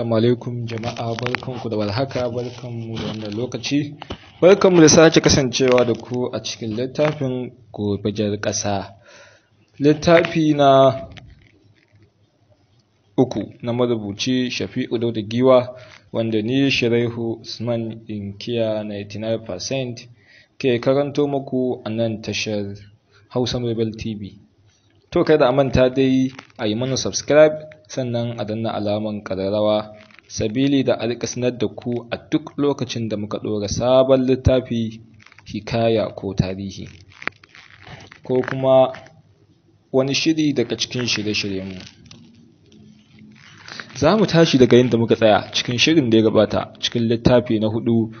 Assalamu alaikum jama'a barkanku da warhaka barkanmu da wannan lokaci barkan mu da sake kasancewa da ku a cikin littafin gobajar ƙasa littafi na uku na marubuci Shafi'u Dauda Giwa wanda ni Shiraihu Usman Inkiya 99% ke karanto muku a nan tashar Hausa Mobile TV to kada a manta dai a yi mana subscribe sannan a danna alaman ƙararrawa sabili da a sanar da ku a duk lokacin da muka ɗora sabon littafi hikaya ko tarihi ko kuma wani shiri daga cikin shirye-shiryenmu za mu tashi daga yadda muka tsaya cikin shirin da ya gabata cikin littafi na hudu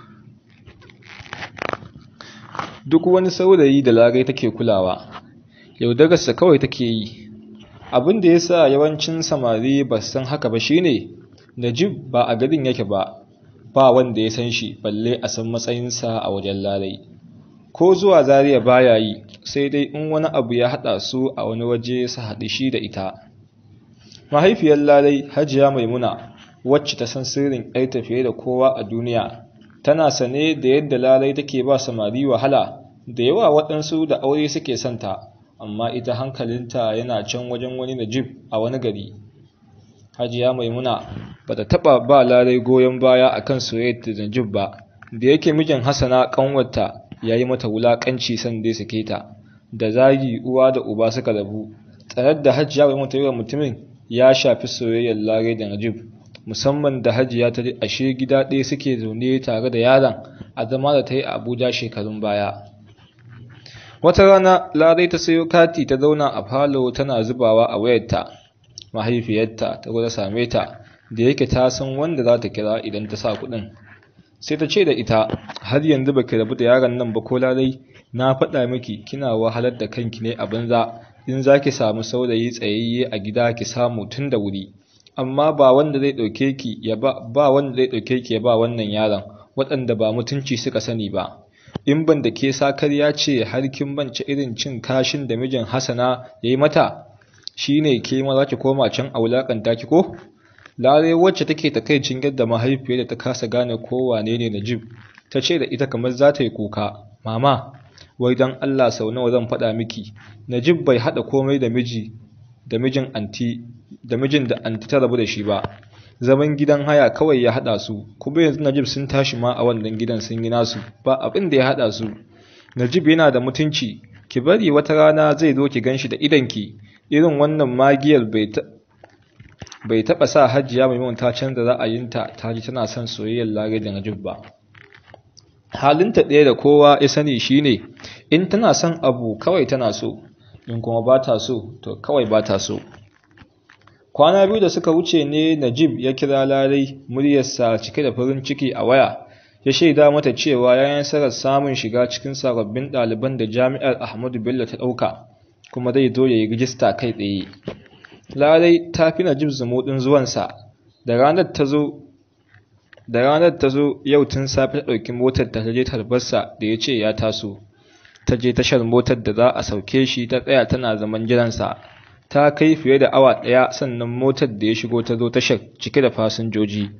duk wani saurayi da larai take kulawa yaudararsa kawai take yi abin da ya sa yawancin samari ba san haka ba shine najib ba a garin yake ba ba wanda ya san shi balle a san matsayinsa a wajen larai ko zuwa zariya baya yi sai dai in wani abu ya haɗa su a wani waje su haɗu shi da ita mahaifiyar lalai hajiya maimuna wacce ta san sirrin ƴar tafiye da kowa a duniya tana sane da yadda lalai take ba samari wahala da yawa waɗansu da aure suke santa amma ita hankalinta yana can wajen wani najib a wani gari hajiya maimuna ba ta taɓa ba larai goyon baya a kan soyayyar da najib ba da yake mijin hasana ƙanwarta ya yi mata wulaƙanci san dai sake ta da zagi uwa da uba suka rabu tsanar da hajiya maimuna ta mutumin ya shafi soyayyar larai da najib musamman da hajiya ta ashe gida ɗaya suke zaune tare da yaron a zama da ta yi abuja shekarun baya wata rana larai ta sayo kati ta zauna a falo tana zubawa a wayarta mahaifiyarta ta gwada same ta da yake ta san wanda za ta kira idan ta sa kuɗin sai ta ce da ita har yanzu baki rabu da yaron nan ba ko larai na faɗa miki kina wahalar da kanki ne a banza in za ki samu saurayi tsayayye a gida ki samu tun da wuri amma ba wanda zai ɗauke ki ya ba wanda zai ɗauke ki ya ba wannan yaron waɗanda ba mutunci suka sani ba in ban da ke ya ce har kin mance irin cin kashin da mijin Hassana ya yi mata shine ke ma za ki koma can a wulakanta ki ko lare wacce take ta takaicin yadda mahaifiyar da ta kasa gane ko wane ne Najib ta ce da ita kamar za ta yi kuka mama wai don Allah sau nawa zan faɗa miki Najib bai haɗa komai da mijin da mijin da anti ta rabu da shi ba zaman gidan haya kawai ya hada su kuma yanzu najib sun tashi ma a wannan gidan sun yi nasu ba abin da ya haɗa su najib yana da mutunci ki bari wata rana zai zo ki ganshi da ki. irin wannan magiyar bai bai taɓa sa hajiya mai ta canza ra'ayinta ta ji tana son soyayyar lare da najib ba halinta ɗaya da kowa ya sani shine in tana son abu kawai tana so in kuma ba ta so to kawai ba ta so kwana biyu da suka wuce ne najib ya kira larai muryarsa cike da farin ciki a waya ya shaida mata cewa ya nasarar samun shiga cikin sababbin ɗaliban da jami'ar ahmadu bello ta ɗauka kuma zai zo ya yi rijista kai tsaye larai ta fi najib zumuɗin zuwansa da ranar ta zo da ranar ta zo yau tun safe ta ɗauki motar ta je tarbarsa da ya ce ya taso ta je tashar motar da za a sauke shi ta tsaya tana zaman jiransa ta kai fiye da awa ɗaya sannan motar da ya shigo ta zo tashar cike da fasinjoji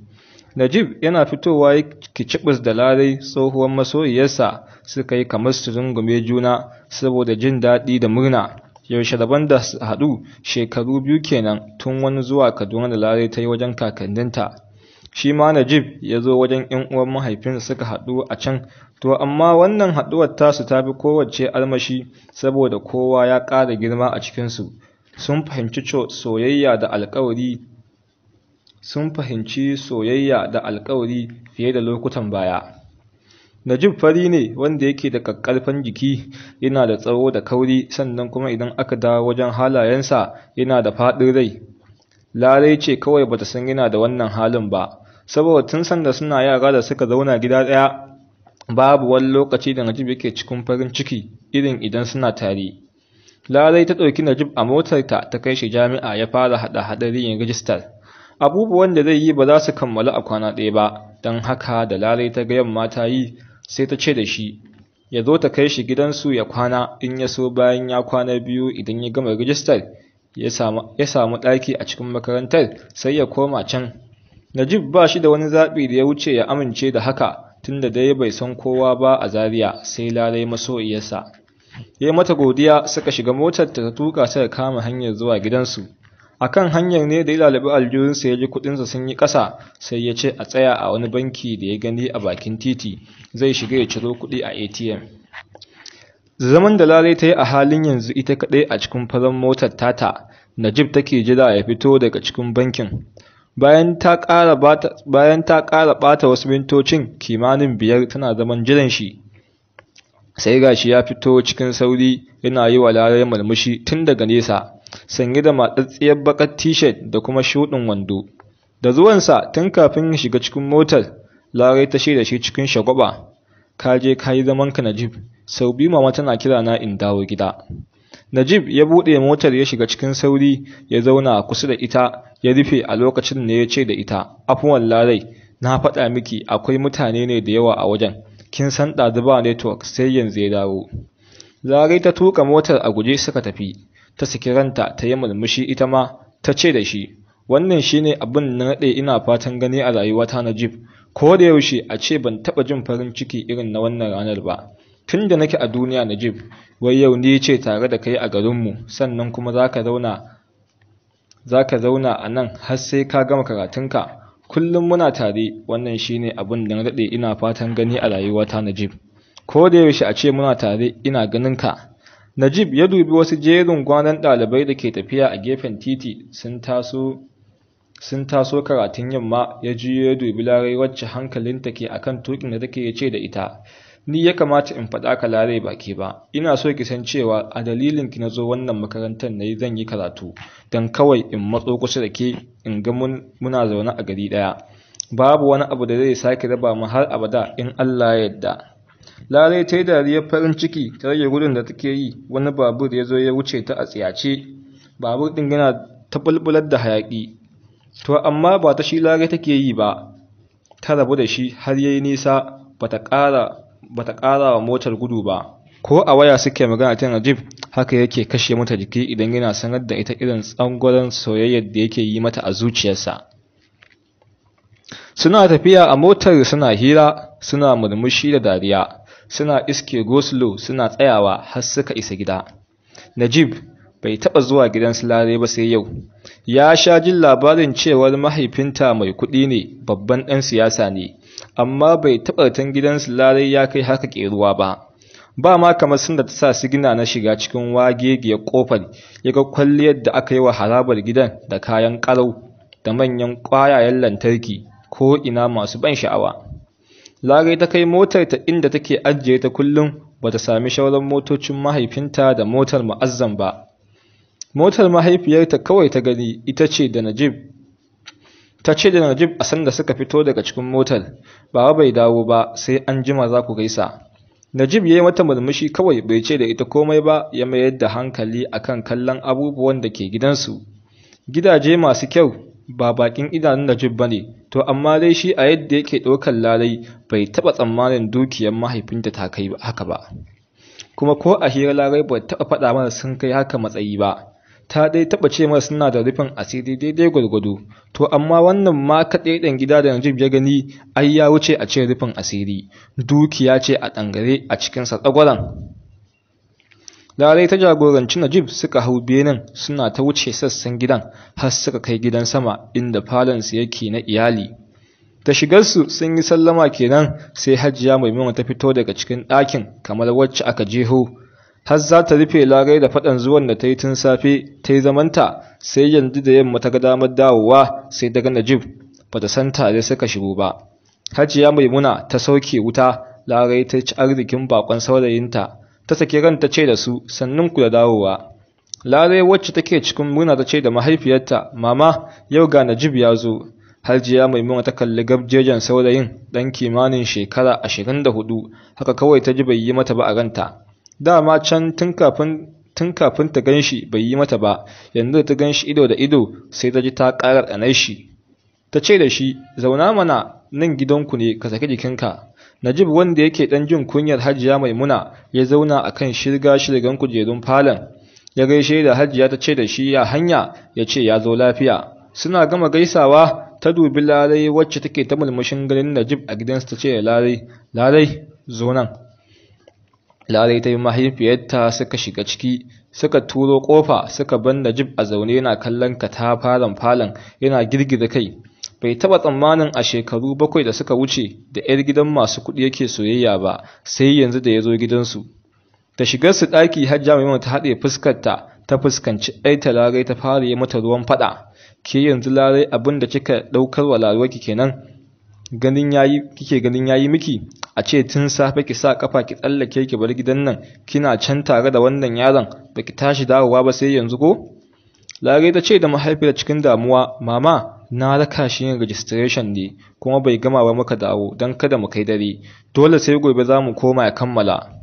najib yana fitowa ya kicibis da larai tsohuwar masoyiyarsa suka yi kamar su rungume juna saboda jin daɗi da murna yaushe daban da haɗu shekaru biyu kenan tun wani zuwa kaduna da larai ta yi wajen kakanninta shi ma najib ya zo wajen yan uwan mahaifinsa suka haɗu a can to amma wannan haɗuwar tasu ta fi kowace armashi saboda kowa ya ƙara girma a cikinsu sun fahimci soyayya da alkawari sun fahimci soyayya da alkawari fiye da lokutan baya najib fari ne wanda yake da kakkarfan jiki yana da tsawo da kauri sannan kuma idan aka dawo wajen halayensa yana da faɗin rai larai ce kawai bata san yana da wannan halin ba saboda tun sanda suna yara da suka zauna gida ɗaya babu wani lokaci da najib yake cikin farin ciki irin idan suna tare Larai ta ɗauki Najib a motarta ta kai shi jami'a ya fara haɗa yin rijistar. Abubuwan da zai yi ba za su kammala a kwana ɗaya ba, don haka da Larai ta ga yamma ta yi sai ta ce da shi, ya zo ta kai shi gidansu ya kwana in ya so bayan ya kwana biyu idan ya gama rijistar ya samu ɗaki a cikin makarantar sai ya koma can. Najib ba shi da wani zaɓi da ya wuce ya amince da haka tunda dai bai san kowa ba a Zariya, sai Larai masoyiyarsa. ya yi mata godiya suka shiga motar ta tuka ta kama hanyar zuwa gidansu A kan hanyar ne da ya lalabi aljihunsa ya ji kudinsa sun yi ƙasa sai ya ce a tsaya a wani banki da ya gani a bakin titi zai shiga ya ciro kuɗi a atm zaman da lalai ta yi a halin yanzu ita kaɗai a cikin farar motar tata najib take jira ya fito daga cikin bankin bayan ta ƙara ɓata wasu mintocin kimanin biyar tana zaman jiran shi sai gashi ya fito cikin sauri yana yi wa larai malmushi tun daga nesa sanye da matsatsiyar bakar t-shirt da kuma shuɗin wando da zuwansa tun kafin shiga cikin motar larai ta shaida shi cikin shagwaba ka je ka yi ka najib sau biyu mama tana kira na in dawo gida najib ya buɗe motar ya shiga cikin sauri ya zauna kusa da ita ya rufe a lokacin da ya ce da ita afuwan larai na faɗa miki akwai mutane ne da yawa a wajen kin san ɗazu ba network sai yanzu ya dawo zarai ta tuka motar a guje suka tafi ta saki ranta ta yi murmushi ita ma ta ce da shi wannan shine abin na daɗe ina fatan gani a rayuwata na jib ko da yaushe a ce ban taɓa jin farin ciki irin na wannan ranar ba tun da nake a duniya na jib wai yau ni ce tare da kai a garinmu sannan kuma za ka zauna a nan har sai ka gama karatunka kullum muna tare wannan shine abin da na daɗe ina fatan gani a rayuwata Najib ko da yaushe a ce muna tare ina ganin ka Najib ya dubi wasu jerin gwanan ɗalibai da ke tafiya a gefen titi sun taso karatun yamma ya jiyo ya dubi larai wacce hankalinta ke akan tukin da take ya ce da ita ni ya kamata in faɗa ka lare baki ba ina so ki san cewa a dalilin ki nazo wannan makarantar nayi zan yi karatu dan kawai in matso kusa da ke in ga muna zaune a gari daya babu wani abu da zai sake raba mu har abada in Allah ya yarda lare ta yi dariyar farin ciki ta rage gudun da take yi wani babur ya zo ya wuce ta a tsiyace babur din yana ta bulbular da hayaki to amma ba ta shi lare take yi ba ta rabu da shi har yayi nisa bata ƙara bata ƙara wa motar gudu ba ko a waya suke magana ta najib haka yake kashe mata jiki idan yana sanar da ita irin tsangwaren soyayyar da yake yi mata a zuciyarsa suna tafiya a motar suna hira suna murmushi da dariya suna iske goslo suna tsayawa har suka isa gida najib bai taɓa zuwa gidan Lare ba sai yau ya sha jin labarin cewar mahaifinta mai kuɗi ne babban ɗan siyasa ne amma bai taɓa zaton gidansu larai ya kai haka ƙeruwa ba ba ma kamar sun da ta sa sigina na shiga cikin wagegiyar ƙofar ya ga kwalliyar da aka yi wa harabar gidan da kayan ƙarau da manyan ƙwayayen lantarki ko ina masu ban sha'awa larai ta kai motar ta inda take ajiye ta kullum ba ta sami shauran motocin mahaifinta da motar ma'azzam ba motar mahaifiyarta kawai ta gani ita ce da najib ta ce da najib a sanda suka fito daga cikin motar ba bai dawo ba sai an jima za ku gaisa najib ya yi mata murmushi kawai bai ce da ita komai ba ya mayar da hankali akan kallon abubuwan da ke gidansu gidaje masu kyau ba bakin idanun najib ba ne to amma dai shi a yadda yake ɗaukar lalai bai taɓa tsammanin dukiyar mahaifinta ta kai haka ba kuma ko a hira larai bai taɓa faɗa mana sun kai haka matsayi ba ta dai taba ce masa suna da rufin asiri daidai gwargwado to amma wannan ma kaɗai ɗan gida da Najib ya gani ai ya wuce a ce rufin asiri dukiya ce a ɗangare a cikin sa tsagwaran Larai ta jagoranci Najib suka hau benin suna ta wuce sassan gidan har suka kai gidan sama inda su yake na iyali da shigarsu sun yi sallama kenan sai hajiya maimuna ta fito daga cikin ɗakin kamar wacce aka jeho har za ta rufe larai da faɗan zuwan da ta yi tun safe ta yi zamanta sai yanzu da yamma ta ga damar dawowa sai daga najib ba ta san tare suka shigo ba hajiya maimuna ta sauke wuta larai ta ci arzikin bakon saurayinta ta sake ranta ce da su sannan ku da dawowa larai wacce take cikin murna ta ce da mahaifiyarta mama yau ga najib ya zo Hajiya Maimuna ta kalli gabjejen saurayin ɗan kimanin shekara ashirin da hudu, haka kawai ta ji bai yi mata ba a ranta. dama can tun kafin tun kafin ta gan shi bai yi mata ba yanzu da ta gan shi ido da ido sai ta ji ta ƙarar ƙanar shi ta ce da shi zauna mana nan gidanku ne ka saki jikinka najib wanda yake ɗan jin kunyar hajiya maimuna ya zauna a kan shirga shirgan kujerun falon ya gaishe da hajiya ta ce da shi ya hanya ya ce ya zo lafiya suna gama gaisawa ta dubi lalai wacce take ta mulmushin ganin najib a gidansa ta ce lalai lalai zo nan Larai ta yi mahaifiyarta suka shiga ciki, suka turo ƙofa suka ban jib a zaune yana kallon ka ta falon yana girgiza kai. Bai taɓa tsammanin a shekaru bakwai da suka wuce da 'yar gidan masu kuɗi yake soyayya ba, sai yanzu da ya zo gidansu. Da shigarsu ɗaki hajja mai ta haɗe fuskarta ta fuskanci ai larai ta fara yi mata ruwan faɗa. Ke yanzu larai abin da kika ɗaukar wa laruwarki kenan, ganin yayi kike ganin yayi miki a ce tun safe ki sa kafa ki tsallake ki bar gidan nan kina can tare da wannan yaron ba ki tashi dawowa ba sai yanzu ko lare ta ce da mahaifiyar cikin damuwa mama na raka shi yin registration ne kuma bai gama ba muka dawo don kada mu kai dare dole sai gobe za mu koma ya kammala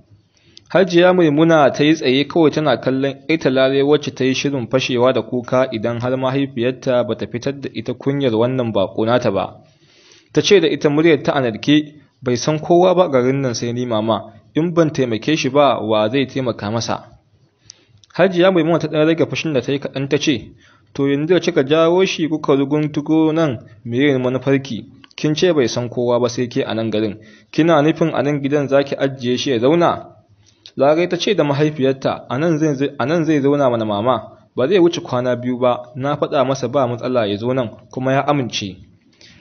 hajiya maimuna ta yi tsaye kawai tana kallon ita lare wacce ta yi shirin fashewa da kuka idan har mahaifiyarta ba ta fitar da ita kunyar wannan bako nata ba ta ce da ita muryar ta anarke bai san kowa ba garin nan sai ni mama in ban taimake shi ba wa zai taimaka masa hajiya mai mata ta rage fushin da ta yi kaɗan ta ce to yanzu da kika jawo shi kuka ruguntugo nan me mana manufarki kin ce bai san kowa ba sai ke a nan garin kina nufin a nan gidan zaki ajiye shi ya zauna larai ta ce da mahaifiyarta a nan zai zauna mana mama ba zai wuce kwana biyu ba na faɗa masa ba matsala ya zo nan kuma ya amince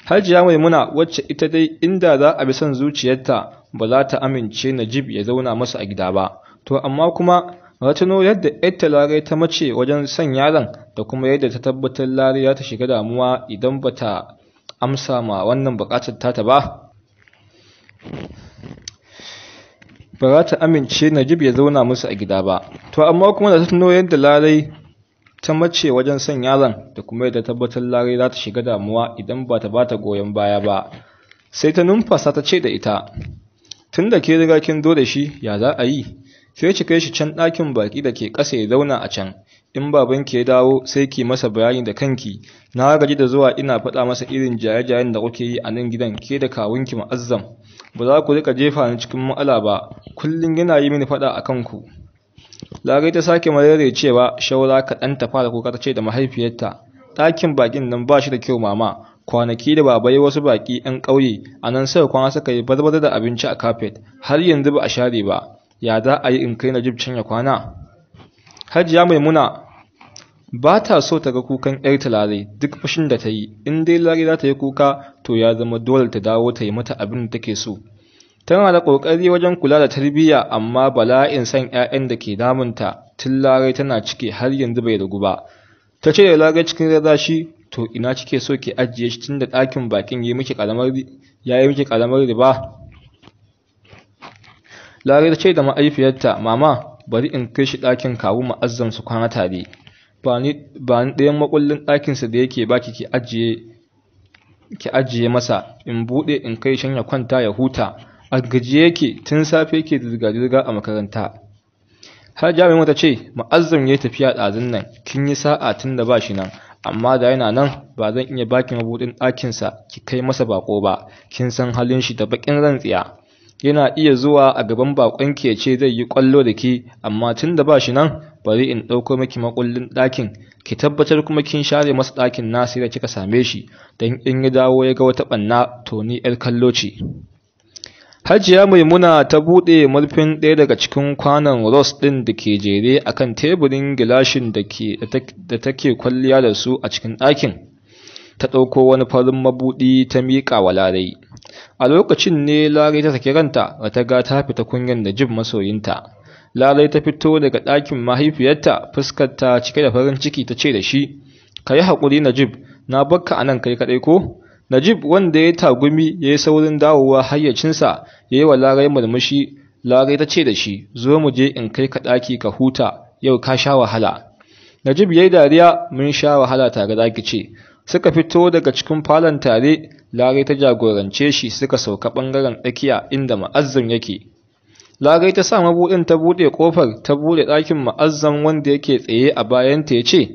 hajiya maimuna wacce ita dai inda za a bi son zuciyarta ba za ta amince najib ya zauna masa a gida ba to amma kuma ratuno yadda ita larai ta mace wajen son yaron da kuma yadda ta tabbatar larai ya ta shiga damuwa idan ba ta amsa ma wannan bukatar tata ba ba za ta amince najib ya zauna musu a gida ba to amma kuma da ta tuno yadda larai ta mace wajen son yaron da kuma yadda tabbatar lare za ta shiga damuwa idan ba ta bata goyon baya ba sai ta numfasa ta ce da ita tun da ke riga kin zo da shi ya za a yi sai ki kai shi can ɗakin baki da ke ƙasa ya zauna a can in baban ki ya dawo sai ki masa bayani da kanki na gaji da zuwa ina faɗa masa irin jaye-jayen da kuke yi a nan gidan ke da kawunki ma'azzam ba za ku rika jefa ni cikin ma'ala ba kullum yana yi mini faɗa a kanku Larai ta sake marere cewa shaura kaɗan ta fara kuka ta ce da mahaifiyarta, ɗakin bakin nan ba shi da kyau mama, kwanaki da baba wasu baki 'yan ƙauye a nan sai kwana suka yi barbar da abinci a kafet har yanzu ba a share ba, ya za a yi in kai na jibcin ya kwana? Hajiya Maimuna ba ta so ta ga kukan 'yarta Larai duk fashin da ta yi, in dai Lare za ta yi kuka to ya zama dole ta dawo ta yi mata abin da take so. tana da ƙoƙari wajen kula da tarbiyya amma bala'in san 'ya'yan da ke damunta tun larai tana ciki har yanzu bai ragu ba ta ce da larai cikin rarra shi to ina cike so ki ajiye shi tunda ɗakin bakin ya yi miki ƙaramar riba larai ta ce da ma'aifiyarta mama bari in kai shi ɗakin kawu ma'azzam su kwana tare ba ni ɗayan makullin ɗakinsa da yake baki ki ajiye ki ajiye masa in buɗe in kai shanya kwanta ya huta a gaji yake tun safe yake zirga-zirga a makaranta har jami'in wata ce ma'azzam ya tafiya ɗazun nan kin yi sa'a tun da ba shi nan amma da yana nan ba zan iya baki mabuɗin ɗakinsa ki kai masa baƙo ba kin san halin shi da baƙin rantsiya yana iya zuwa a gaban baƙon ki ce zai yi ƙwallo da ki amma tun da ba shi nan bari in ɗauko maki makullin ɗakin ki tabbatar kuma kin share masa ɗakin nasi da kika same shi don in ya dawo ya ga wata ɓanna to ni 'yar kallo ce Hajiya Maimuna ta buɗe murfin ɗaya daga cikin kwanan Ross ɗin da ke jere a kan teburin gilashin da take kwalliya da su a cikin ɗakin. Ta ɗauko wani farin mabuɗi ta miƙa wa Larai. A lokacin ne Larai ta saki ranta da ta ga ta fita kunyan da jin masoyinta. Larai ta fito daga ɗakin mahaifiyarta fuskar ta cike da farin ciki ta ce da shi, Ka yi haƙuri Najib, na bakka a nan kai kaɗai ko? najib wanda ya tagumi ya yi saurin dawowa hayyacinsa ya yi wa larai murmushi larai ta ce da shi zo mu je in kai ka ɗaki ka huta yau ka sha wahala najib ya yi dariya mun sha wahala tare da ce suka fito daga cikin falon tare larai ta jagorance shi suka sauka ɓangaren tsakiya inda ma'azzam yake larai ta sa mabuɗin ta buɗe ƙofar ta buɗe ɗakin ma'azzam wanda yake tsaye a bayanta ya ce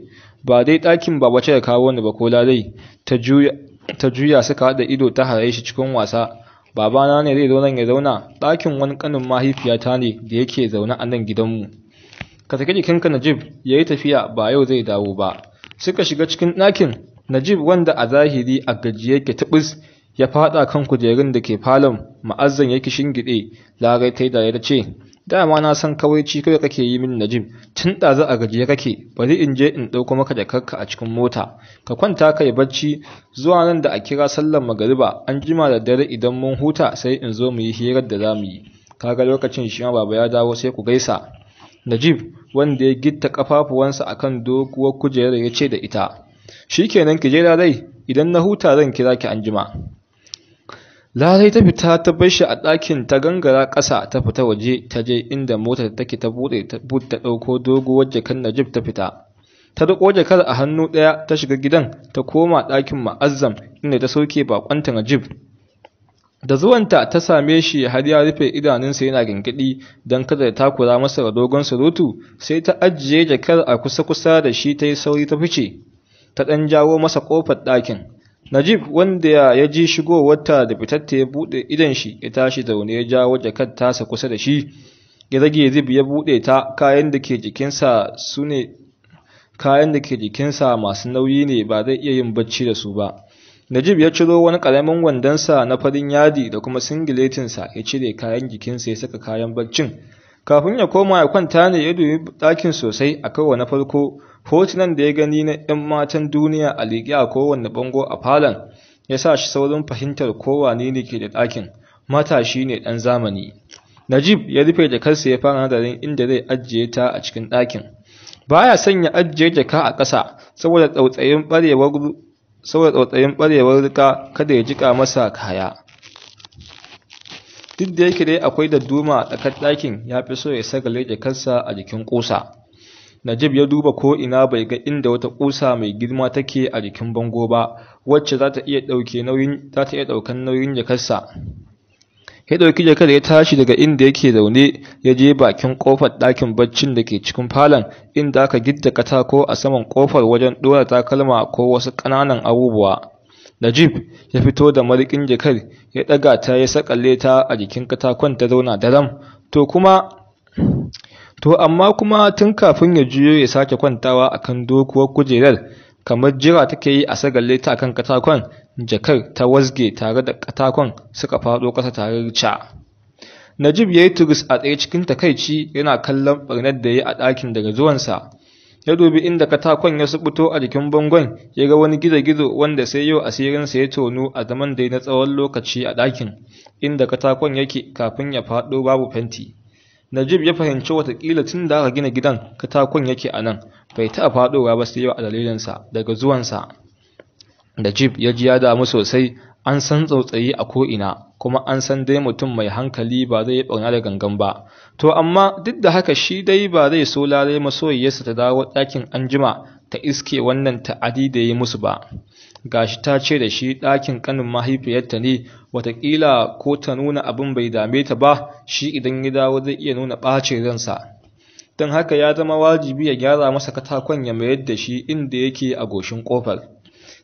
ba dai ɗakin ba wace da kawo ni ba ko lalai ta juya ta juya suka haɗa ido ta hare shi cikin wasa babana ne zai zo ya zauna ɗakin wani ƙanin mahaifiyata ne da yake zaune a nan gidanmu ka saki jikinka najib ya yi tafiya ba yau zai dawo ba suka shiga cikin ɗakin najib wanda a zahiri a gajiye yake taɓis ya faɗa kan kujerun da ke falon ma'azzan yake shingiɗe larai ta yi da ya ce dama na san kawaici kawai kake yi min najim tun ɗazu a gajiye kake bari in je in ɗauko maka da ka a cikin mota ka kwanta kai bacci zuwa nan da a kira sallar magariba an jima da dare idan mun huta sai in zo mu yi hirar da za yi kaga lokacin shi ma baba ya dawo sai ku gaisa najib wanda ya gitta kafafuwansa akan doguwar kujerar ya ce da ita shikenan ki je dai idan na huta zan kira ki anjima Larai ta fita ta bar shi a ɗakin ta gangara ƙasa ta fita waje ta je inda motar take ta buɗe ta ta ɗauko doguwar jakar Najib ta fita. Ta riƙo jakar a hannu ɗaya ta shiga gidan ta koma ɗakin ma'azzam inda ta soke baƙonta Najib. Da zuwanta ta same shi har ya rufe idanunsa yana gingiɗi don kada ta takura masa da dogon surutu sai ta ajiye jakar a kusa-kusa da shi ta yi sauri ta fice. Ta ɗan jawo masa ƙofar ɗakin. Najib wanda ya ji shigowarta da fitatta ya buɗe idan shi ya tashi zaune ya jawo jakar tasa kusa da shi ya zage zib ya buɗe ta kayan da ke jikinsa su ne kayan da ke jikinsa masu nauyi ne ba zai iya yin bacci da su ba. Najib ya ciro wani ƙaramin wandonsa na farin yadi da kuma singiletinsa ya cire kayan jikinsa ya saka kayan baccin. kafin ya koma ya kwanta ne ya dubi ɗakin sosai a kawo na farko hotunan da ya gani na 'yan matan duniya a liƙe a kowane bango a falon ya sa shi saurin fahimtar kowane ne ke da ɗakin mata shi ne ɗan zamani najib ya rufe jakarsa ya fara nadarin inda zai ajiye ta a cikin ɗakin baya son ya ajiye jaka a ƙasa saboda tsautsayin ɓarewar saboda tsautsayin barewar rika kada ya jika masa kaya duk da yake dai akwai da duma a tsakar ɗakin ya fi so ya sagale leƙe kansa a jikin ƙusa najib ya duba ko ina bai ga inda wata ƙusa mai girma take a jikin bango ba wacce za ta iya ɗauke nauyin za ta iya ɗaukan nauyin jakarsa ya ɗauki jakar ya tashi daga inda yake zaune ya je bakin ƙofar ɗakin baccin da ke cikin falon inda aka gidda katako a saman ƙofar wajen ɗora takalma ko wasu ƙananan abubuwa Najib ya fito da marikin jakar ya ɗaga ta ya saƙalle ta a jikin katakon ta zauna daram to kuma to amma kuma tun kafin ya juyo ya sake kwantawa akan dokuwar kujerar kamar jira take yi a sagalle ta akan katakon jakar ta wasge tare da katakon suka faɗo ƙasa tare rica Najib ya yi turis a tsaye cikin takaici yana kallon ɓarnar da ya yi a ɗakin daga zuwansa ya dubi inda katakon ya subuto a jikin bangon ya ga wani gizo-gizo wanda sai yau asirin sa ya tonu a zaman dai na tsawon lokaci a ɗakin inda katakon yake kafin ya faɗo babu fenti najib ya fahimci watakila tun da aka gina gidan katakon yake a nan bai taɓa faɗowa ba sai yau a dalilinsa daga zuwansa najib ya ji ya damu sosai an san tsautsayi a ko'ina kuma an san dai mutum mai hankali ba zai yi ɓarna da gangan ba to amma duk da haka shi dai ba zai so lalai masoyiyarsa ta dawo ɗakin anjima ta iske wannan ta'adi da ya musu ba gashi ta ce da shi ɗakin ƙanin mahaifiyarta ne watakila ko ta nuna abin bai dame ta ba shi idan ya dawo zai iya nuna ɓacin ransa don haka ya zama wajibi ya gyara masa katakon ya mayar da shi inda yake a goshin ƙofar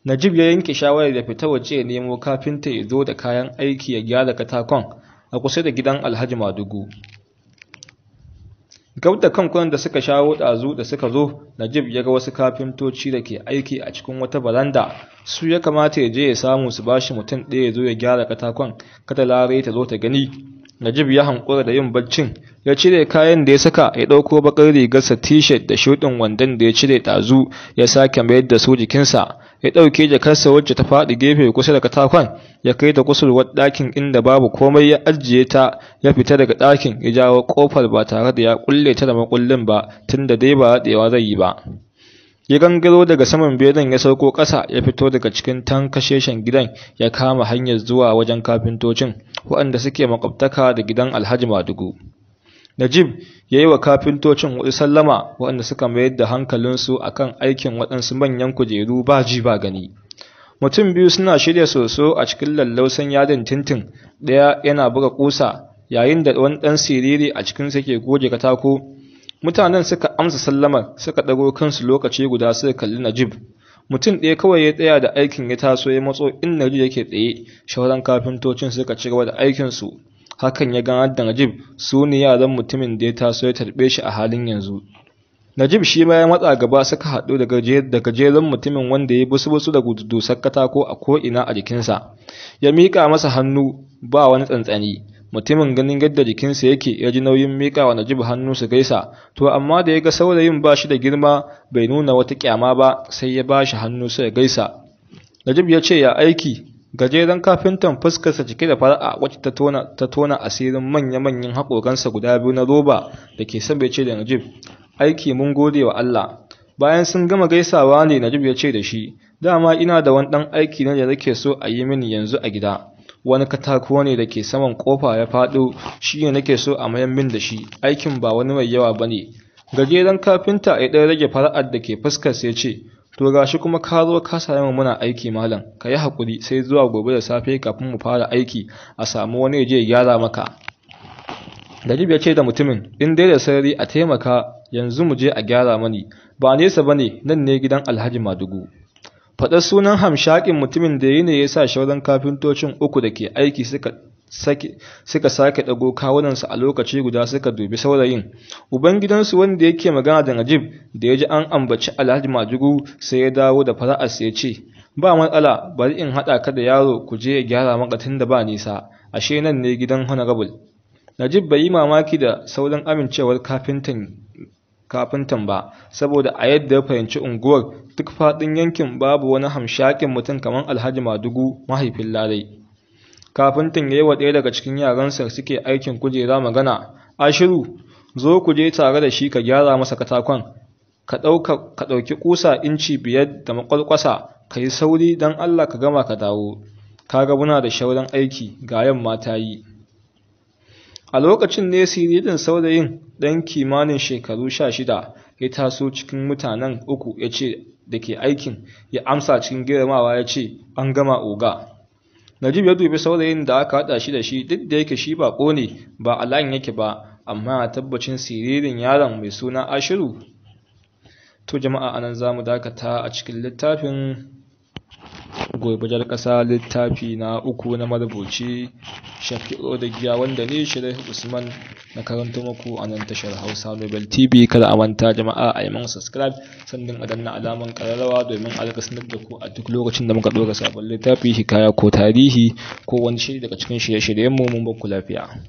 Najib ya yanke shawarar ya fita waje ya nemo kafinta ya zo da kayan aiki ya gyara katakon a kusa da gidan Alhaji Madugu. Gab da kankunan da suka shawo ɗazu da suka zo, Najib ya ga wasu kafintoci da ke aiki a cikin wata baranda, su ya kamata ya je ya samu su bashi mutum ɗaya ya zo ya gyara katakon, kada Larai ta zo ta gani. Najib ya hankura da yin baccin, ya cire kayan da ya saka ya ɗauko baƙar rigarsa t-shirt da shuɗin wandon da ya cire ɗazu ya sake mayar da su jikinsa. ya ɗauke jakarsa wacce ta faɗi gefe kusa da katakon ya kai ta kusurwar ɗakin inda babu komai ya ajiye ta ya fita daga ɗakin ya jawo ƙofar ba tare da ya ƙulle ta da makullin ba tunda dai ba daɗewa zai yi ba ya gangaro daga saman benin ya sauko ƙasa ya fito daga cikin tankasheshen gidan ya kama hanyar zuwa wajen kafintocin waɗanda suke makwabtaka da gidan alhaji madugu Najib ya yi wa kafintocin hudu sallama waɗanda suka mayar da hankalinsu a kan aikin waɗansu manyan kujeru ba ji ba gani. Mutum biyu suna shirya soso a cikin lallausan yadin tintin ɗaya yana buga ƙusa yayin da wani ɗan siriri a cikin ke goge katako. Mutanen suka amsa sallamar suka ɗago kansu lokaci guda suka kalli Najib. Mutum ɗaya kawai ya tsaya da aikin ya taso ya matso in Najib yake tsaye, shauran kafintocin suka ci gaba da aikinsu hakan ya ganar da najib su ne yaran mutumin da ya taso ya tarbe shi a halin yanzu najib shi ma ya matsa gaba suka haɗu da gajeren mutumin wanda ya busu busu da dusar katako a ko'ina a jikinsa ya miƙa masa hannu ba wani tsantsani mutumin ganin yadda jikinsa yake ya ji nauyin miƙa wa najib hannu su gaisa to amma da ya ga saurayin ba shi da girma bai nuna wata kyama ba sai ya ba shi hannu su gaisa najib ya ce ya aiki gajeren kafintan fuskarsa cike da fara'a wacce ta tona ta tona asirin manya-manyan haƙoransa guda biyu na roba da ke ce da najib aiki mun gode wa allah bayan sun gama gaisawa ne najib ya ce da shi dama ina da wani ɗan aiki ne da nake so a yi mini yanzu a gida wani katako ne da ke saman kofa ya faɗo shi ne nake so a mayan min da shi aikin ba wani mai yawa ba ne gajeren kafinta ya ɗan rage fara'ar da ke fuskarsa ya ce To shi kuma ka zo ka muna aiki malam, ka yi haƙuri sai zuwa gobe da safe kafin mu fara aiki a samu wani je gyara maka. Najib ya ce da mutumin, in dai da sarari a taimaka yanzu mu je a gyara mani, ba nesa ba ne nan ne gidan Alhaji Madugu. Faɗar sunan hamshakin mutumin da yi ne ya sa shauran kafintocin uku da ke aiki suka suka sake ɗago kawunansu a lokaci guda suka dubi saurayin ubangidansu wanda yake magana da najib da ya ji an ambaci alhaji majugu sai ya dawo da fara'arsa ya ce ba matsala bari in haɗa ka da yaro ku je ya gyara makatin da ba nisa ashe nan ne gidan honorable najib bai yi mamaki da sauran amincewar kafintan ba saboda a yadda ya fahimci unguwar duk faɗin yankin babu wani hamshakin mutum kamar alhaji madugu mahaifin larai kafintan ya yi wa ɗaya daga cikin yaransa suke aikin kujera magana ashiru zo ku je tare da shi ka gyara masa katakon ka ɗauki ƙusa, inci biyar da makwalkwasa ka yi sauri don allah ka gama ka dawo ka ga muna da shauran aiki ga yamma ta yi a lokacin ne siririn saurayin ɗan kimanin shekaru sha shida ya taso cikin mutanen uku ya ce da ke aikin ya amsa cikin girmawa ya ce an gama oga najib ya dubi saurayin da aka haɗa shi da shi duk da yake shi baƙo ne ba a layin yake ba amma tabbacin siririn yaron mai suna ashiru to jama'a anan za mu dakata a cikin littafin gobe kasa ƙasa littafi na uku na marubuci shafi'o da giya wanda ne shirai usman na karanta muku a nan tashar hausa nobel tv kada a manta jama'a a yi man subscribe sannan a danna alaman ƙararrawa domin a rika sanar da ku a duk lokacin da muka ɗora sabon littafi hikaya ko tarihi ko wani shiri daga cikin shirye-shiryenmu mun ba ku lafiya